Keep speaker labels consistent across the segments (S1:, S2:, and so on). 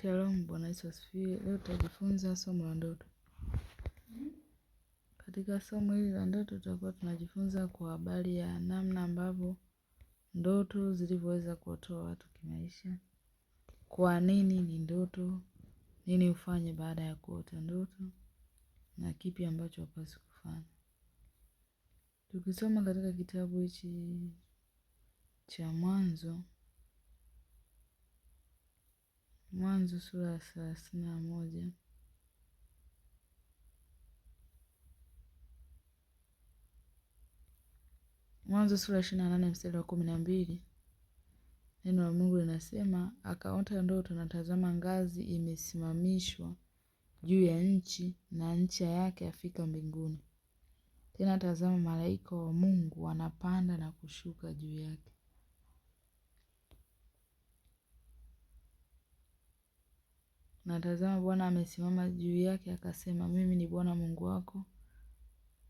S1: Shalom, Bwana Yesu asifiwe. Leo tutajifunza somo la ndoto. Katika somo hili la ndoto, tutakuwa tunajifunza kwa habari ya namna ambavyo ndoto zilivyoweza kuotoa watu kimaisha, kwa nini ni ndoto, nini ufanye baada ya kuota ndoto, na kipi ambacho hupaswi kufanya. Tukisoma katika kitabu hichi cha Mwanzo Mwanzo sura ya thelathini na moja Mwanzo sura ishirini na nane mstari wa kumi na mbili neno la Mungu linasema akaota ndoto, na tazama, ngazi imesimamishwa juu ya nchi, na ncha yake afika mbinguni. Tena tazama, malaika wa Mungu wanapanda na kushuka juu yake. Natazama Bwana amesimama juu yake akasema, mimi ni Bwana Mungu wako,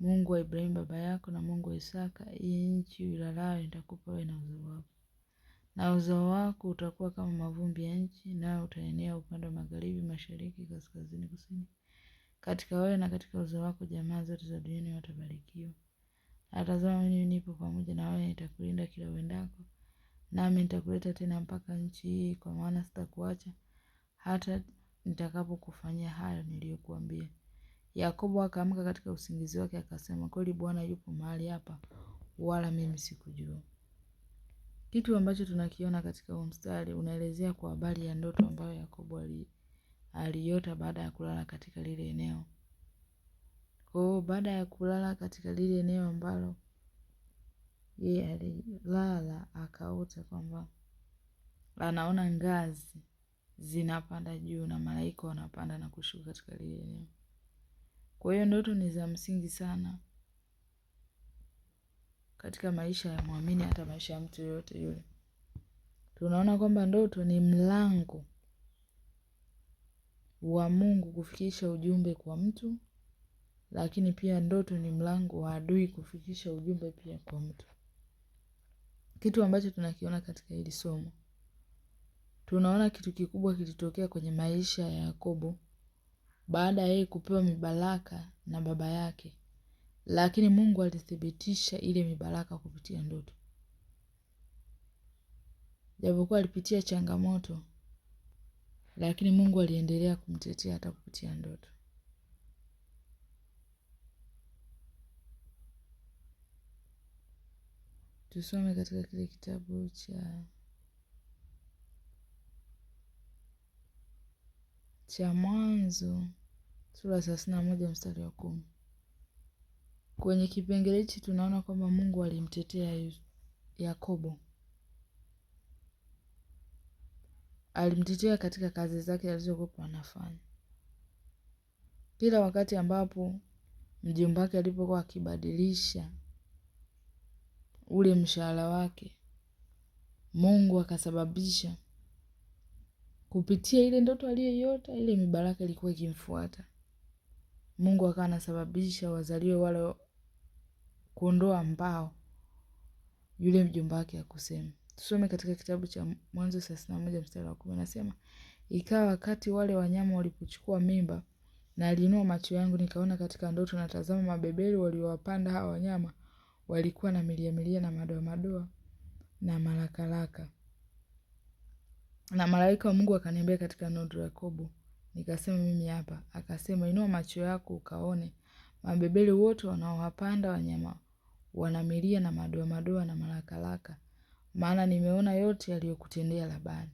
S1: Mungu wa Ibrahimu baba yako na Mungu wa Isaka. Hii nchi uilalayo nitakupa wewe na uzao wako, na uzao wako utakuwa kama mavumbi ya nchi, nawe utaenea upande wa magharibi, mashariki, kaskazini, kusini. Katika wewe na katika uzao wako jamaa zote za duniani watabarikiwa. Natazama mimi nipo pamoja na wewe, nitakulinda kila uendako, nami nitakuleta tena mpaka nchi hii, kwa maana sitakuacha hata nitakapokufanyia hayo niliyokuambia. Yakobo akaamka katika usingizi wake akasema kweli Bwana yupo mahali hapa wala mimi sikujua. Kitu ambacho tunakiona katika huu mstari unaelezea kwa habari ya ndoto ambayo Yakobo aliota baada ya kulala katika lile eneo. kwao, baada ya kulala katika lile eneo ambalo yeye alilala akaota kwamba anaona ngazi zinapanda juu na malaika wanapanda na kushuka katika lile eneo. Kwa hiyo ndoto ni za msingi sana katika maisha ya mwamini, hata maisha ya mtu yoyote yule. Tunaona kwamba ndoto ni mlango wa Mungu kufikisha ujumbe kwa mtu, lakini pia ndoto ni mlango wa adui kufikisha ujumbe pia kwa mtu, kitu ambacho tunakiona katika hili somo tunaona kitu kikubwa kilitokea kwenye maisha ya Yakobo baada ya yeye kupewa mibaraka na baba yake, lakini Mungu alithibitisha ile mibaraka kupitia ndoto. Japokuwa alipitia changamoto, lakini Mungu aliendelea kumtetea hata kupitia ndoto. Tusome katika kile kitabu cha cha Mwanzo sura ya thelathini na moja mstari wa kumi. Kwenye kipengele hichi tunaona kwamba Mungu alimtetea Yakobo, alimtetea katika kazi zake alizokuwa anafanya. Kila wakati ambapo mjomba wake alipokuwa akibadilisha ule mshahara wake, Mungu akasababisha Kupitia ile ndoto aliyoiota, ile mibaraka ilikuwa ikimfuata. Mungu akawa anasababisha wazaliwe wale kuondoa mbao yule mjomba wake akusema. Tusome katika kitabu cha Mwanzo thelathini na moja mstari wa kumi anasema, ikawa wakati wale wanyama walipochukua mimba, na aliinua macho yangu nikaona katika ndoto, natazama tazama, mabebeli waliowapanda hawa wanyama walikuwa na milia milia na madoa madoa na malakalaka. Na malaika wa Mungu akaniambia katika ndoto Yakobo, nikasema mimi hapa. Akasema, inua macho yako ukaone, mabebele wote wanaowapanda wanyama wanamilia na madoa madoa na malakalaka, maana nimeona yote yaliyokutendea Labani.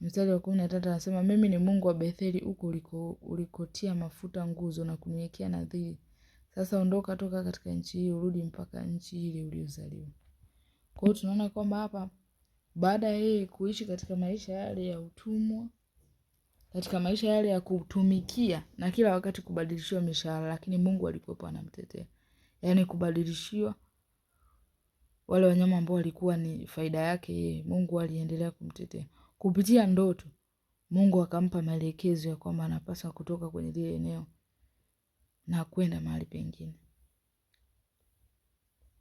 S1: Mstari wa kumi na tatu anasema mimi ni Mungu wa Betheli, huko uliko, ulikotia mafuta nguzo na kuniwekea nadhiri. Sasa ondoka, toka katika nchi hii, urudi mpaka nchi ile uliozaliwa. Kwa hiyo tunaona kwamba hapa baada ya yeye kuishi katika maisha yale ya utumwa, katika maisha yale ya kutumikia na kila wakati kubadilishiwa mishahara, lakini Mungu alikuwepo anamtetea. Yaani kubadilishiwa wale wanyama ambao walikuwa ni faida yake yeye, Mungu aliendelea kumtetea kupitia ndoto. Mungu akampa maelekezo ya kwamba anapaswa kutoka kwenye lile eneo na kwenda mahali pengine.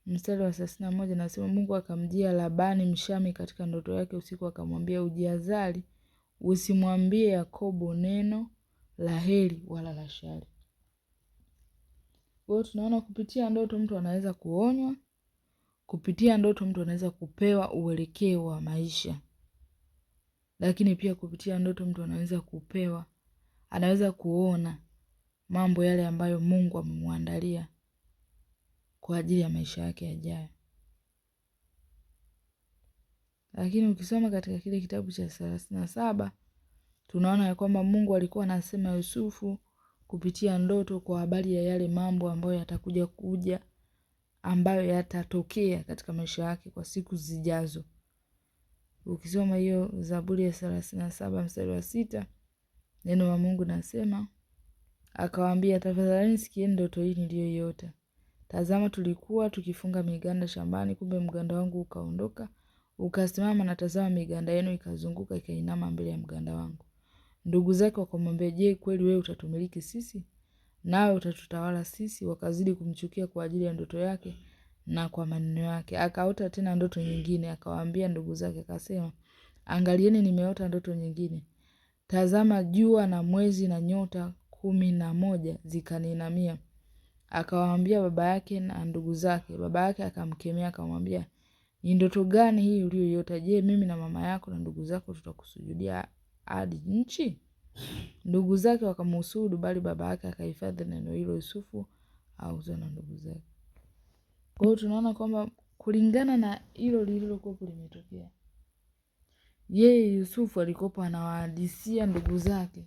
S1: Mstari wa thelathini na moja nasema Mungu akamjia Labani mshami katika ndoto yake usiku akamwambia ujiazali usimwambie Yakobo neno la heri wala la shari. Kwa hiyo tunaona kupitia ndoto mtu anaweza kuonywa, kupitia ndoto mtu anaweza kupewa uelekeo wa maisha. Lakini pia kupitia ndoto mtu anaweza kupewa, anaweza kuona mambo yale ambayo Mungu amemwandalia kwa ajili ya maisha yake yajayo. Lakini ukisoma katika kile kitabu cha thelathini na saba tunaona ya kwamba Mungu alikuwa anasema Yusufu kupitia ndoto kwa habari ya yale mambo ambayo yatakuja kuja ambayo yatatokea katika maisha yake kwa siku zijazo. Ukisoma hiyo Zaburi ya thelathini na saba mstari wa sita neno wa Mungu nasema, akawaambia tafadhalini sikieni ndoto hii niliyoiota. Tazama tulikuwa tukifunga miganda shambani, kumbe mganda wangu ukaondoka, ukasimama na tazama miganda yenu ikazunguka ikainama mbele ya mganda wangu. Ndugu zake wakamwambia, Je, kweli wewe utatumiliki sisi? Nawe utatutawala sisi? Wakazidi kumchukia kwa ajili ya ndoto yake na kwa maneno yake. Akaota tena ndoto nyingine, akawaambia ndugu zake, akasema, Angalieni, nimeota ndoto nyingine. Tazama jua na mwezi na nyota kumi na moja zikaninamia akawaambia baba yake na ndugu zake. Baba yake akamkemea akamwambia, ni ndoto gani hii uliyoyota? Je, mimi na mama yako na ndugu zako tutakusujudia hadi nchi? Ndugu zake wakamhusudu, bali baba yake akahifadhi neno hilo. Yusufu auzwa na ndugu zake. Kwa hiyo tunaona kwamba kulingana na hilo lililokuwepo limetokea, yeye Yusufu alikopo anawahadisia ndugu zake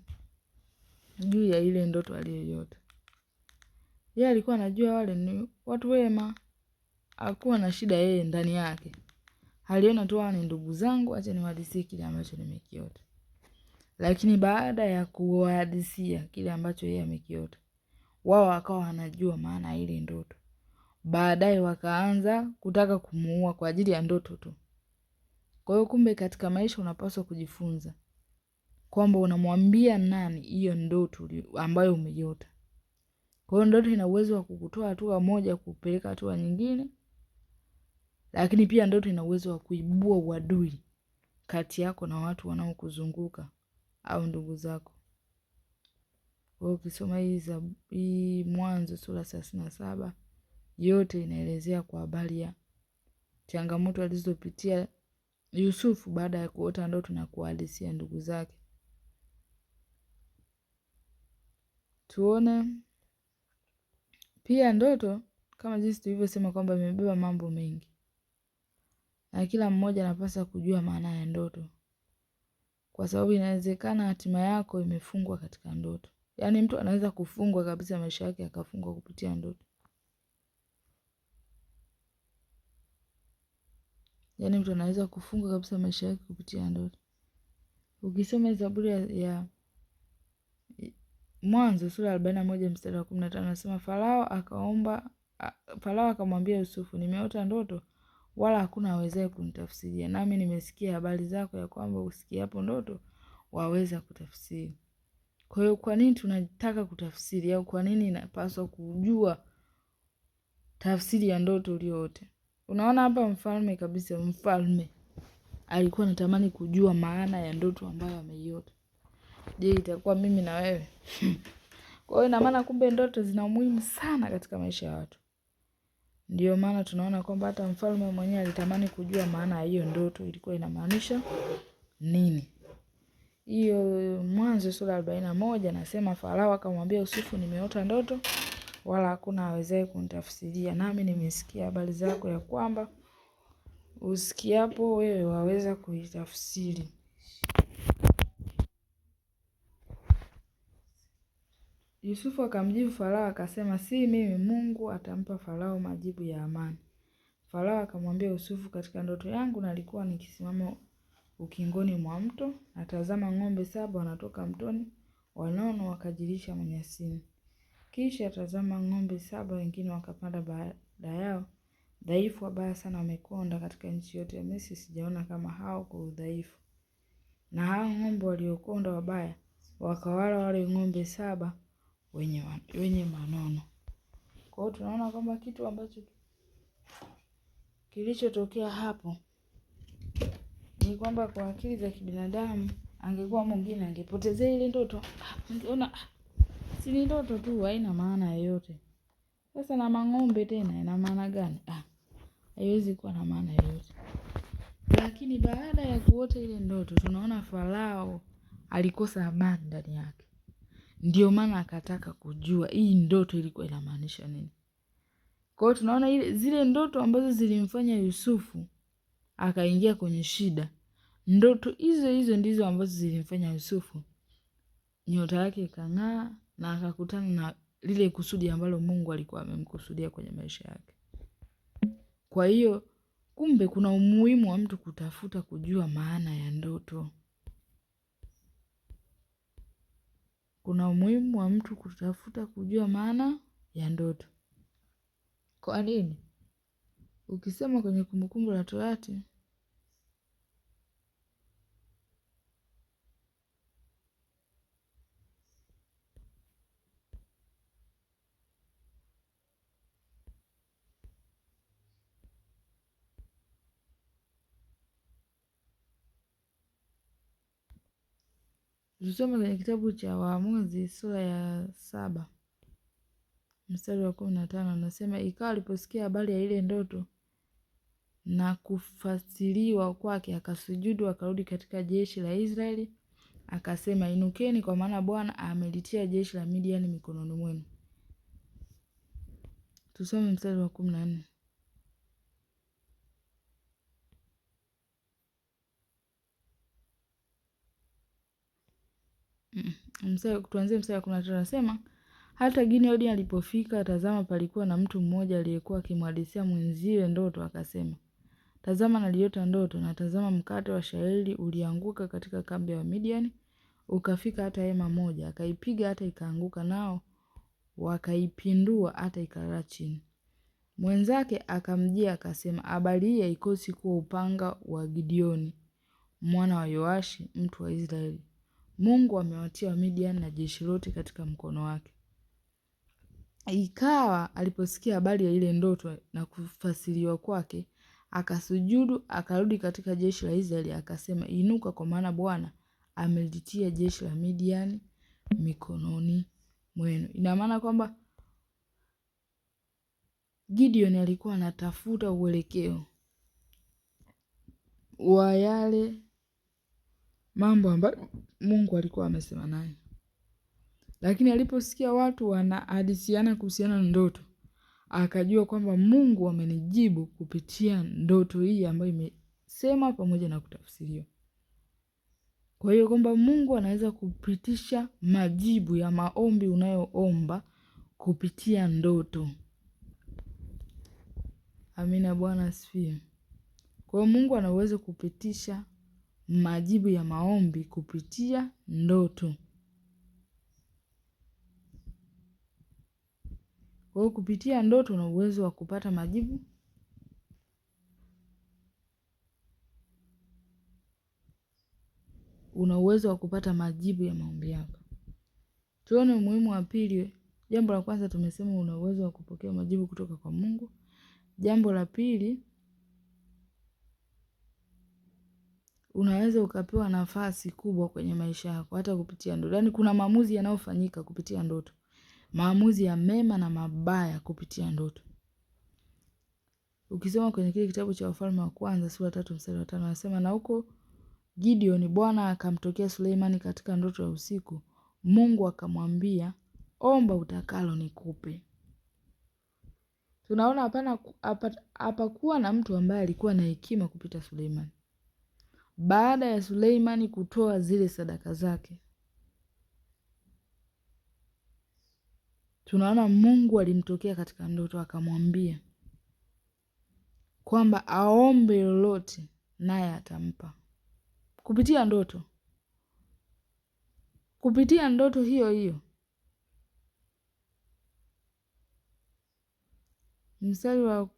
S1: juu ya ile ndoto aliyoyota yeye alikuwa anajua wale ni watu wema, hakuwa na shida yeye ndani yake. Aliona tu hawa ni ndugu zangu, acha niwahadisie kile ambacho nimekiota. Lakini baada ya kuwahadisia kile ambacho yeye amekiota, wao wakawa wanajua maana ile ndoto. Baadaye wakaanza kutaka kumuua kwa ajili ya ndoto tu. Kwa hiyo, kumbe katika maisha unapaswa kujifunza kwamba unamwambia nani hiyo ndoto ambayo umeiota. Kwa hiyo ndoto ina uwezo wa kukutoa hatua moja kupeleka hatua nyingine, lakini pia ndoto ina uwezo wa kuibua uadui kati yako na watu wanaokuzunguka au ndugu zako. Kwa ukisoma hii za hii Mwanzo sura thelathini na saba yote inaelezea kwa habari ya changamoto alizopitia Yusufu baada ya kuota ndoto na kuwahadisia ndugu zake. Tuone pia ndoto kama jinsi tulivyosema kwamba imebeba mambo mengi na kila mmoja anapaswa kujua maana ya ndoto, kwa sababu inawezekana hatima yako imefungwa katika ndoto. Yaani mtu anaweza kufungwa kabisa, maisha yake akafungwa kupitia ndoto. Yaani mtu anaweza kufungwa kabisa maisha yake kupitia ndoto. Ukisoma Zaburi ya Mwanzo sura arobaini na moja mstari wa kumi na tano nasema Farao akaomba Farao akamwambia Yusufu, nimeota ndoto wala hakuna awezaye kunitafsiria, nami nimesikia habari zako ya kwamba usikia hapo ndoto waweza kutafsiri. Kwa hiyo kwa nini tunataka kutafsiri au kwa nini inapaswa kujua tafsiri ya ndoto uliyoota? Unaona hapa mfalme kabisa, mfalme alikuwa anatamani kujua maana ya ndoto ambayo ameiota je, itakuwa mimi na wewe? Kwa hiyo ina maana kumbe ndoto zina umuhimu sana katika maisha ya watu. Ndio maana tunaona kwamba hata mfalme mwenyewe alitamani kujua maana ya hiyo ndoto ilikuwa inamaanisha nini. Hiyo Mwanzo sura arobaini na moja nasema Farao akamwambia Yusufu, nimeota ndoto wala hakuna awezaye kunitafsiria, nami nimesikia habari zako ya kwamba usikiapo wewe waweza kuitafsiri. Yusufu akamjibu Farao akasema, si mimi Mungu atampa Farao majibu ya amani. Farao akamwambia Yusufu, katika ndoto yangu nalikuwa nikisimama ukingoni mwa mto, natazama ng'ombe saba wanatoka mtoni, wanono wakajilisha manyasini. Kisha tazama, ng'ombe saba wengine wakapanda baada yao, dhaifu, wabaya sana, wamekonda. Katika nchi yote ya Misri sijaona kama hao kwa udhaifu. Na hao ng'ombe waliokonda wabaya wakawala wale ng'ombe saba wenye, wenye manono. Kwa hiyo tunaona kwamba kitu ambacho kilichotokea hapo ni kwamba kwa akili za kibinadamu, angekuwa mwingine angepotezea ile ndoto, angeona si ni ndoto tu, haina maana yoyote. Sasa na mang'ombe tena ina maana gani? Ah, haiwezi kuwa na maana yoyote. Lakini baada ya kuota ile ndoto, tunaona Farao alikosa amani ndani yake. Ndio maana akataka kujua hii ndoto ilikuwa inamaanisha nini. Kwa hiyo tunaona ile zile ndoto ambazo zilimfanya Yusufu akaingia kwenye shida, ndoto hizo hizo ndizo ambazo zilimfanya Yusufu nyota yake ikang'aa na akakutana na lile kusudi ambalo Mungu alikuwa amemkusudia kwenye maisha yake. Kwa hiyo kumbe kuna umuhimu wa mtu kutafuta kujua maana ya ndoto. kuna umuhimu wa mtu kutafuta kujua maana ya ndoto. Kwa nini? ukisema kwenye kumbukumbu la torati, Tusome kwenye kitabu cha Waamuzi sura ya saba mstari wa kumi na tano anasema, ikawa aliposikia habari ya ile ndoto na kufasiriwa kwake, akasujudu akarudi katika jeshi la Israeli, akasema, inukeni, kwa maana Bwana amelitia jeshi la Midiani mikononi mwenu. Tusome mstari wa kumi na nne. Mm. tuanzie mstari wa kumi na tatu anasema hata Gideoni alipofika, tazama, palikuwa na mtu mmoja aliyekuwa akimwadisia mwenziwe ndoto, akasema, tazama, naliota ndoto, na tazama, mkate wa shayiri ulianguka katika kambi ya Wamidiani, ukafika hata hema moja, akaipiga hata ikaanguka, nao wakaipindua hata ikalala chini. Mwenzake akamjia akasema, habari hii haikosi kuwa upanga wa Gideoni mwana wa Yoashi, mtu wa Israeli. Mungu amewatia wamidian na jeshi lote katika mkono wake. Ikawa aliposikia habari ya ile ndoto na kufasiriwa kwake, akasujudu akarudi katika jeshi la Israeli akasema, inuka, kwa maana Bwana amelitia jeshi la Midiani mikononi mwenu. Ina maana kwamba Gideon alikuwa anatafuta uelekeo wa yale mambo ambayo Mungu alikuwa amesema naye, lakini aliposikia watu wanahadisiana kuhusiana na ndoto, akajua kwamba Mungu amenijibu kupitia ndoto hii ambayo imesema pamoja na kutafsiriwa. Kwa hiyo kwamba Mungu anaweza kupitisha majibu ya maombi unayoomba kupitia ndoto. Amina, Bwana asifiwe. Kwa hiyo Mungu anaweza kupitisha majibu ya maombi kupitia ndoto. Kwa hiyo kupitia ndoto una uwezo wa kupata majibu una uwezo wa kupata majibu ya maombi yako. Tuone umuhimu wa pili. Jambo la kwanza tumesema una uwezo wa kupokea majibu kutoka kwa Mungu. Jambo la pili unaweza ukapewa nafasi kubwa kwenye maisha yako hata kupitia ndoto. Yaani kuna maamuzi yanayofanyika kupitia ndoto. Maamuzi ya mema na mabaya kupitia ndoto. Ukisoma kwenye kile kitabu cha Wafalme wa Kwanza sura tatu mstari wa tano anasema na huko Gideon Bwana akamtokea Suleimani katika ndoto ya usiku. Mungu akamwambia, omba utakalo nikupe. Tunaona hapana hapakuwa na mtu ambaye alikuwa na hekima kupita Suleimani baada ya Suleimani kutoa zile sadaka zake. Tunaona Mungu alimtokea katika ndoto akamwambia kwamba aombe lolote naye atampa kupitia ndoto, kupitia ndoto hiyo hiyo. Mstari wa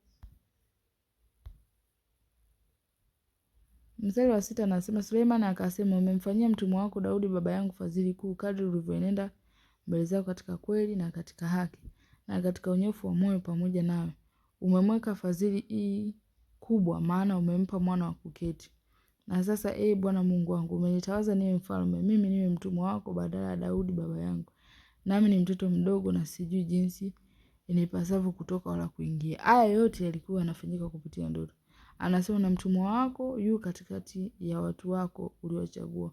S1: Mstari wa sita anasema Suleimani akasema, umemfanyia mtumwa wako Daudi baba yangu fadhili kuu, kadri ulivyoenenda mbele zako katika kweli na katika haki na katika unyofu wa moyo pamoja nawe. Umemweka fadhili hii kubwa, maana umempa mwana wa kuketi. Na sasa ee Bwana Mungu wangu, umenitawaza niwe mfalme, mimi niwe mtumwa wako badala ya Daudi baba yangu, nami ni mtoto mdogo na sijui jinsi inipasavyo kutoka wala kuingia. Haya yote yalikuwa yanafanyika kupitia ndoto. Anasema na mtumwa wako yu katikati ya watu wako uliowachagua.